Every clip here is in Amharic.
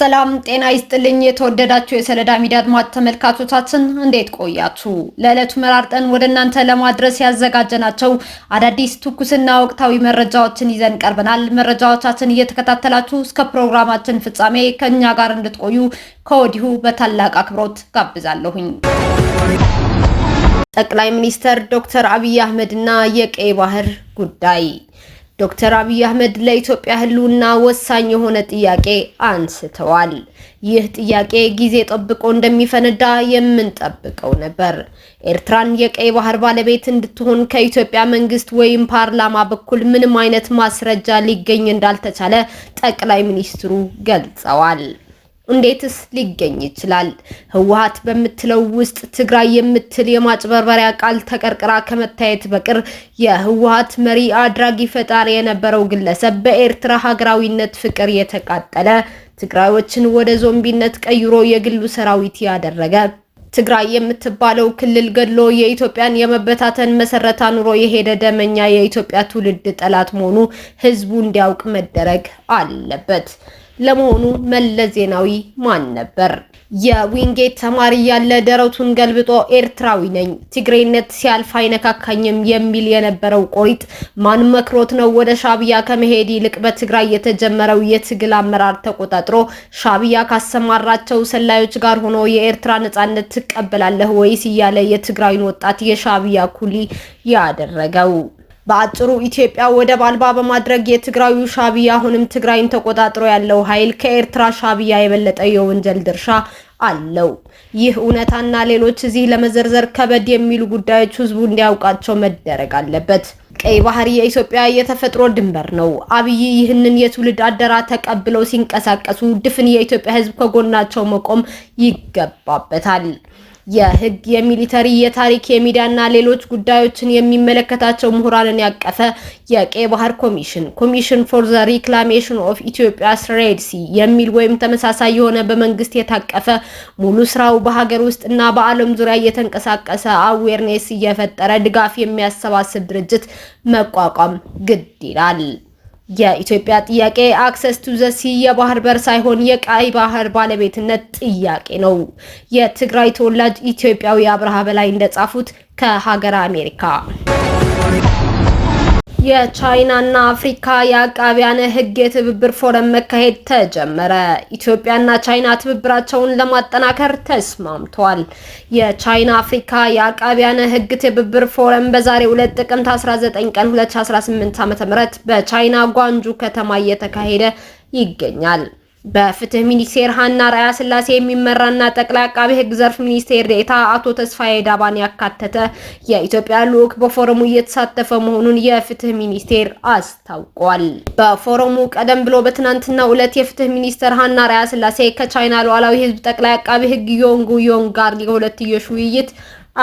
ሰላም ጤና ይስጥልኝ። የተወደዳችሁ የሰለዳ ሚዲያ አድማጭ ተመልካቾቻችን እንዴት ቆያችሁ? ለዕለቱ መራርጠን ወደ እናንተ ለማድረስ ያዘጋጀናቸው አዳዲስ ትኩስና ወቅታዊ መረጃዎችን ይዘን ቀርበናል። መረጃዎቻችን እየተከታተላችሁ እስከ ፕሮግራማችን ፍጻሜ ከእኛ ጋር እንድትቆዩ ከወዲሁ በታላቅ አክብሮት ጋብዛለሁኝ። ጠቅላይ ሚኒስትር ዶክተር አብይ አህመድ እና የቀይ ባህር ጉዳይ ዶክተር አብይ አህመድ ለኢትዮጵያ ህልውና ወሳኝ የሆነ ጥያቄ አንስተዋል። ይህ ጥያቄ ጊዜ ጠብቆ እንደሚፈነዳ የምንጠብቀው ነበር። ኤርትራን የቀይ ባህር ባለቤት እንድትሆን ከኢትዮጵያ መንግስት ወይም ፓርላማ በኩል ምንም አይነት ማስረጃ ሊገኝ እንዳልተቻለ ጠቅላይ ሚኒስትሩ ገልጸዋል። እንዴትስ ሊገኝ ይችላል? ህወሓት በምትለው ውስጥ ትግራይ የምትል የማጭበርበሪያ ቃል ተቀርቅራ ከመታየት በቅር የህወሓት መሪ አድራጊ ፈጣሪ የነበረው ግለሰብ በኤርትራ ሀገራዊነት ፍቅር የተቃጠለ ትግራዮችን ወደ ዞምቢነት ቀይሮ የግሉ ሰራዊት ያደረገ ትግራይ የምትባለው ክልል ገድሎ የኢትዮጵያን የመበታተን መሰረታ ኑሮ የሄደ ደመኛ የኢትዮጵያ ትውልድ ጠላት መሆኑ ህዝቡ እንዲያውቅ መደረግ አለበት። ለመሆኑ መለስ ዜናዊ ማን ነበር? የዊንጌት ተማሪ ያለ ደረቱን ገልብጦ ኤርትራዊ ነኝ ትግሬነት ሲያልፍ አይነካካኝም የሚል የነበረው ቆሪጥ ማን መክሮት ነው ወደ ሻቢያ ከመሄድ ይልቅ በትግራይ የተጀመረው የትግል አመራር ተቆጣጥሮ ሻቢያ ካሰማራቸው ሰላዮች ጋር ሆኖ የኤርትራ ነጻነት ትቀበላለህ ወይስ እያለ የትግራይን ወጣት የሻቢያ ኩሊ ያደረገው? በአጭሩ ኢትዮጵያ ወደብ አልባ በማድረግ የትግራዩ ሻቢያ አሁንም ትግራይን ተቆጣጥሮ ያለው ኃይል ከኤርትራ ሻቢያ የበለጠ የወንጀል ድርሻ አለው። ይህ እውነታና ሌሎች እዚህ ለመዘርዘር ከበድ የሚሉ ጉዳዮች ህዝቡ እንዲያውቃቸው መደረግ አለበት። ቀይ ባህር የኢትዮጵያ የተፈጥሮ ድንበር ነው። አብይ ይህንን የትውልድ አደራ ተቀብለው ሲንቀሳቀሱ ድፍን የኢትዮጵያ ህዝብ ከጎናቸው መቆም ይገባበታል። የህግ የሚሊተሪ የታሪክ የሚዲያና ሌሎች ጉዳዮችን የሚመለከታቸው ምሁራንን ያቀፈ የቀይ ባህር ኮሚሽን ኮሚሽን ፎር ዘ ሪክላሜሽን ኦፍ ኢትዮጵያ ሬድ ሲ የሚል ወይም ተመሳሳይ የሆነ በመንግስት የታቀፈ ሙሉ ስራው በሀገር ውስጥ እና በዓለም ዙሪያ እየተንቀሳቀሰ አዌርኔስ እየፈጠረ ድጋፍ የሚያሰባስብ ድርጅት መቋቋም ግድ ይላል። የኢትዮጵያ ጥያቄ አክሰስ ቱ ዘሲ የባህር በር ሳይሆን የቀይ ባህር ባለቤትነት ጥያቄ ነው። የትግራይ ተወላጅ ኢትዮጵያዊ አብርሃ በላይ እንደጻፉት ከሀገር አሜሪካ የቻይናና አፍሪካ የአቃቢያነ ሕግ የትብብር ፎረም መካሄድ ተጀመረ። ኢትዮጵያና ቻይና ትብብራቸውን ለማጠናከር ተስማምተዋል። የቻይና አፍሪካ የአቃቢያነ ሕግ ትብብር ፎረም በዛሬው ዕለት ጥቅምት 19 ቀን 2018 ዓ.ም በቻይና ጓንጁ ከተማ እየተካሄደ ይገኛል። በፍትህ ሚኒስቴር ሀና ራያ ስላሴ የሚመራና ጠቅላይ አቃቤ ህግ ዘርፍ ሚኒስቴር ዴታ አቶ ተስፋዬ ዳባን ያካተተ የኢትዮጵያ ልዑክ በፎረሙ እየተሳተፈ መሆኑን የፍትህ ሚኒስቴር አስታውቋል። በፎረሙ ቀደም ብሎ በትናንትናው ዕለት የፍትህ ሚኒስትር ሀና ራያ ስላሴ ከቻይና ሉዓላዊ ህዝብ ጠቅላይ አቃቤ ህግ ዮንጉ ዮንግ ጋር የሁለትዮሽ ውይይት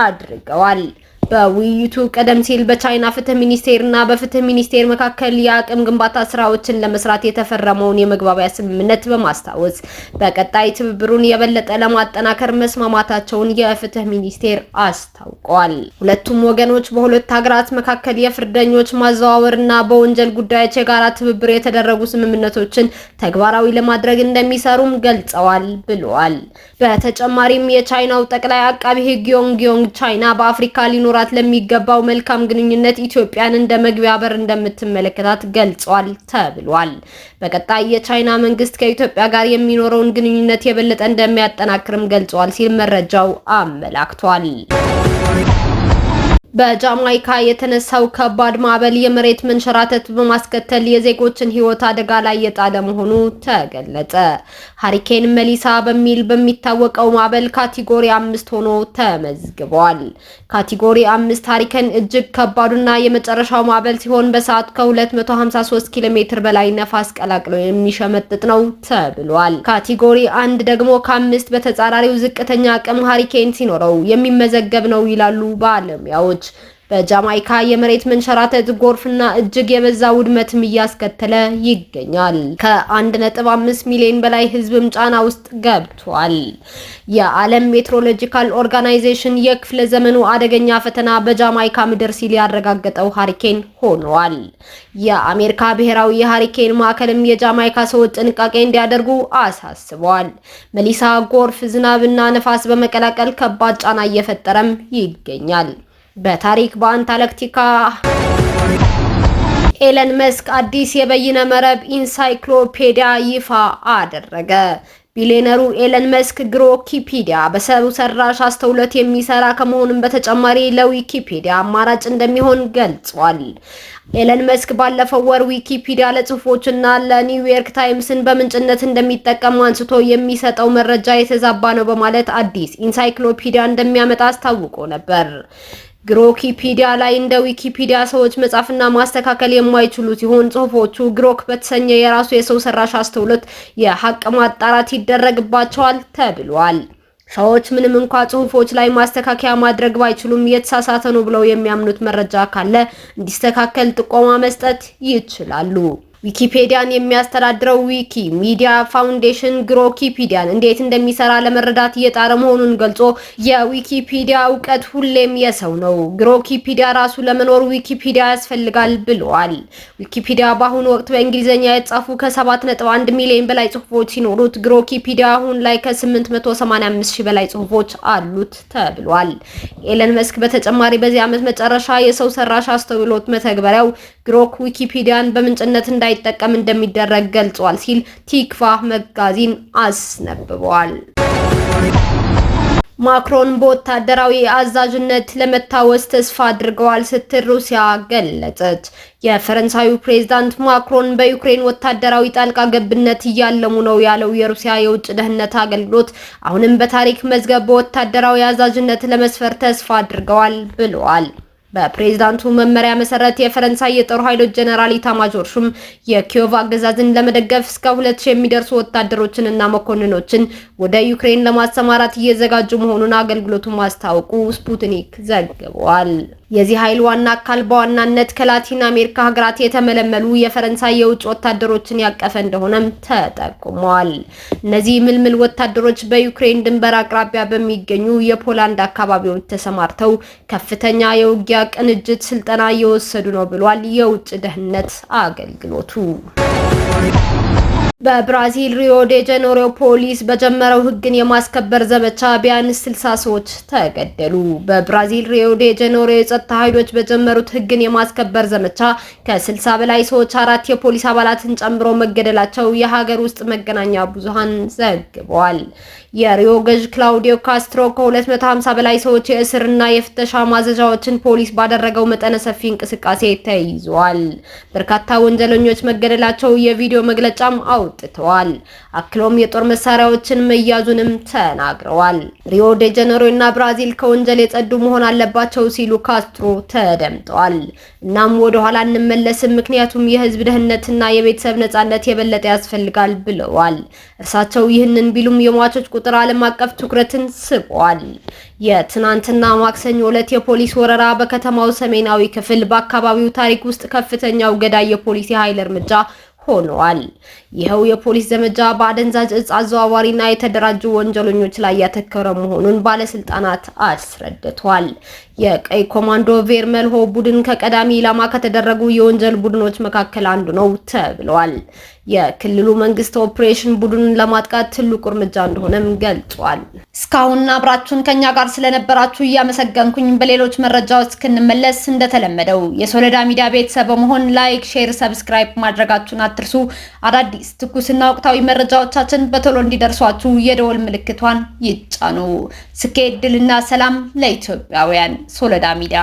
አድርገዋል። በውይይቱ ቀደም ሲል በቻይና ፍትህ ሚኒስቴርና በፍትህ ሚኒስቴር መካከል የአቅም ግንባታ ስራዎችን ለመስራት የተፈረመውን የመግባቢያ ስምምነት በማስታወስ በቀጣይ ትብብሩን የበለጠ ለማጠናከር መስማማታቸውን የፍትህ ሚኒስቴር አስታውቋል። ሁለቱም ወገኖች በሁለት ሀገራት መካከል የፍርደኞች ማዘዋወርና በወንጀል ጉዳዮች የጋራ ትብብር የተደረጉ ስምምነቶችን ተግባራዊ ለማድረግ እንደሚሰሩም ገልጸዋል ብለዋል። በተጨማሪም የቻይናው ጠቅላይ አቃቢ ሕግ ዮንግ ዮንግ ቻይና በአፍሪካ ሊኖ ሊኖራት ለሚገባው መልካም ግንኙነት ኢትዮጵያን እንደ መግቢያ በር እንደምትመለከታት ገልጿል ተብሏል። በቀጣይ የቻይና መንግስት ከኢትዮጵያ ጋር የሚኖረውን ግንኙነት የበለጠ እንደሚያጠናክርም ገልጿል ሲል መረጃው አመላክቷል። በጃማይካ የተነሳው ከባድ ማዕበል የመሬት መንሸራተት በማስከተል የዜጎችን ሕይወት አደጋ ላይ የጣለ መሆኑ ተገለጸ። ሃሪኬን መሊሳ በሚል በሚታወቀው ማዕበል ካቴጎሪ አምስት ሆኖ ተመዝግቧል። ካቴጎሪ አምስት ሃሪኬን እጅግ ከባዱና የመጨረሻው ማዕበል ሲሆን በሰዓት ከ253 ኪሎ ሜትር በላይ ነፋስ ቀላቅሎ የሚሸመጥጥ ነው ተብሏል። ካቴጎሪ አንድ ደግሞ ከአምስት በተጻራሪው ዝቅተኛ አቅም ሃሪኬን ሲኖረው የሚመዘገብ ነው ይላሉ ባለሙያዎች። በጃማይካ የመሬት መንሸራተት ጎርፍና እጅግ የበዛ ውድመትም እያስከተለ ይገኛል። ከ1.5 ሚሊዮን በላይ ህዝብም ጫና ውስጥ ገብቷል። የዓለም ሜትሮሎጂካል ኦርጋናይዜሽን የክፍለ ዘመኑ አደገኛ ፈተና በጃማይካ ምድር ሲል ያረጋገጠው ሃሪኬን ሆኗል። የአሜሪካ ብሔራዊ የሃሪኬን ማዕከልም የጃማይካ ሰዎች ጥንቃቄ እንዲያደርጉ አሳስቧል። መሊሳ ጎርፍ፣ ዝናብና ነፋስ በመቀላቀል ከባድ ጫና እየፈጠረም ይገኛል። በታሪክ በአንታርክቲካ ኤለን መስክ አዲስ የበይነ መረብ ኢንሳይክሎፔዲያ ይፋ አደረገ። ቢሊዮነሩ ኤለን መስክ ግሮኪፒዲያ በሰው ሰራሽ አስተውሎት የሚሰራ ከመሆኑም በተጨማሪ ለዊኪፒዲያ አማራጭ እንደሚሆን ገልጿል። ኤለን መስክ ባለፈው ወር ዊኪፒዲያ ለጽሁፎችና ለኒውዮርክ ታይምስን በምንጭነት እንደሚጠቀም አንስቶ የሚሰጠው መረጃ የተዛባ ነው በማለት አዲስ ኢንሳይክሎፒዲያ እንደሚያመጣ አስታውቆ ነበር። ግሮኪፒዲያ ላይ እንደ ዊኪፒዲያ ሰዎች መጻፍና ማስተካከል የማይችሉ ሲሆን ጽሁፎቹ ግሮክ በተሰኘ የራሱ የሰው ሰራሽ አስተውሎት የሀቅ ማጣራት ይደረግባቸዋል ተብሏል። ሰዎች ምንም እንኳ ጽሁፎች ላይ ማስተካከያ ማድረግ ባይችሉም የተሳሳተ ነው ብለው የሚያምኑት መረጃ ካለ እንዲስተካከል ጥቆማ መስጠት ይችላሉ። ዊኪፔዲያን የሚያስተዳድረው ዊኪ ሚዲያ ፋውንዴሽን ግሮኪፒዲያን እንዴት እንደሚሰራ ለመረዳት እየጣረ መሆኑን ገልጾ የዊኪፒዲያ እውቀት ሁሌም የሰው ነው፣ ግሮኪፒዲያ ራሱ ለመኖር ዊኪፒዲያ ያስፈልጋል ብለዋል። ዊኪፒዲያ በአሁኑ ወቅት በእንግሊዝኛ የተጻፉ ከ7.1 ሚሊዮን በላይ ጽሁፎች ሲኖሩት ግሮኪፒዲያ አሁን ላይ ከ885 ሺህ በላይ ጽሁፎች አሉት ተብሏል። ኤለን መስክ በተጨማሪ በዚህ ዓመት መጨረሻ የሰው ሰራሽ አስተውሎት መተግበሪያው ግሮክ ዊኪፒዲያን በምንጭነት እንዳይጠቀም እንደሚደረግ ገልጿል ሲል ቲክቫ መጋዚን አስነብቧል። ማክሮን በወታደራዊ አዛዥነት ለመታወስ ተስፋ አድርገዋል ስትል ሩሲያ ገለጸች። የፈረንሳዩ ፕሬዝዳንት ማክሮን በዩክሬን ወታደራዊ ጣልቃ ገብነት እያለሙ ነው ያለው የሩሲያ የውጭ ደህንነት አገልግሎት አሁንም በታሪክ መዝገብ በወታደራዊ አዛዥነት ለመስፈር ተስፋ አድርገዋል ብለዋል። በፕሬዝዳንቱ መመሪያ መሰረት የፈረንሳይ የጦር ኃይሎች ጀነራል ኢታማጆር ሹም የኪዮቭ አገዛዝን ለመደገፍ እስከ 2000 የሚደርሱ ወታደሮችንና መኮንኖችን ወደ ዩክሬን ለማሰማራት እየዘጋጁ መሆኑን አገልግሎቱ ማስታወቁ ስፑትኒክ ዘግቧል። የዚህ ኃይል ዋና አካል በዋናነት ከላቲን አሜሪካ ሀገራት የተመለመሉ የፈረንሳይ የውጭ ወታደሮችን ያቀፈ እንደሆነም ተጠቁመዋል። እነዚህ ምልምል ወታደሮች በዩክሬን ድንበር አቅራቢያ በሚገኙ የፖላንድ አካባቢዎች ተሰማርተው ከፍተኛ የውጊያ ቅንጅት ስልጠና እየወሰዱ ነው ብሏል የውጭ ደህንነት አገልግሎቱ። በብራዚል ሪዮ ዴ ጀኔሮ ፖሊስ በጀመረው ሕግን የማስከበር ዘመቻ ቢያንስ 60 ሰዎች ተገደሉ። በብራዚል ሪዮ ዴ ጀኔሮ የጸጥታ ኃይሎች በጀመሩት ሕግን የማስከበር ዘመቻ ከ60 በላይ ሰዎች አራት የፖሊስ አባላትን ጨምሮ መገደላቸው የሀገር ውስጥ መገናኛ ብዙሃን ዘግበዋል። የሪዮ ገዥ ክላውዲዮ ካስትሮ ከ250 በላይ ሰዎች የእስርና የፍተሻ ማዘዣዎችን ፖሊስ ባደረገው መጠነ ሰፊ እንቅስቃሴ ተይዟል። በርካታ ወንጀለኞች መገደላቸው የቪዲዮ መግለጫም አውጥ አውጥተዋል። አክሎም የጦር መሳሪያዎችን መያዙንም ተናግረዋል። ሪዮ ዴ ጀነሮ እና ብራዚል ከወንጀል የጸዱ መሆን አለባቸው ሲሉ ካስትሮ ተደምጠዋል። እናም ወደ ኋላ እንመለስም፣ ምክንያቱም የህዝብ ደህንነትና የቤተሰብ ነጻነት የበለጠ ያስፈልጋል ብለዋል። እርሳቸው ይህንን ቢሉም የሟቾች ቁጥር ዓለም አቀፍ ትኩረትን ስቧል። የትናንትና ማክሰኞ ዕለት የፖሊስ ወረራ በከተማው ሰሜናዊ ክፍል በአካባቢው ታሪክ ውስጥ ከፍተኛው ገዳይ የፖሊስ የኃይል እርምጃ ሆኗል። ይኸው የፖሊስ ዘመቻ በአደንዛዥ እጽ አዘዋዋሪና የተደራጁ ወንጀለኞች ላይ ያተኮረ መሆኑን ባለስልጣናት አስረድቷል። የቀይ ኮማንዶ ቬርመልሆ ቡድን ከቀዳሚ ኢላማ ከተደረጉ የወንጀል ቡድኖች መካከል አንዱ ነው ተብለዋል። የክልሉ መንግስት ኦፕሬሽን ቡድኑን ለማጥቃት ትልቁ እርምጃ እንደሆነም ገልጿል። እስካሁን አብራችሁን ከኛ ጋር ስለነበራችሁ እያመሰገንኩኝ በሌሎች መረጃዎች እስክንመለስ እንደተለመደው የሶለዳ ሚዲያ ቤተሰብ በመሆን ላይክ፣ ሼር፣ ሰብስክራይብ ማድረጋችሁን አትርሱ። አዳዲስ አዳዲስ ትኩስና ወቅታዊ መረጃዎቻችን በቶሎ እንዲደርሷችሁ የደወል ምልክቷን ይጫኑ። ስኬት፣ ድልና ሰላም ለኢትዮጵያውያን። ሶሎዳ ሚዲያ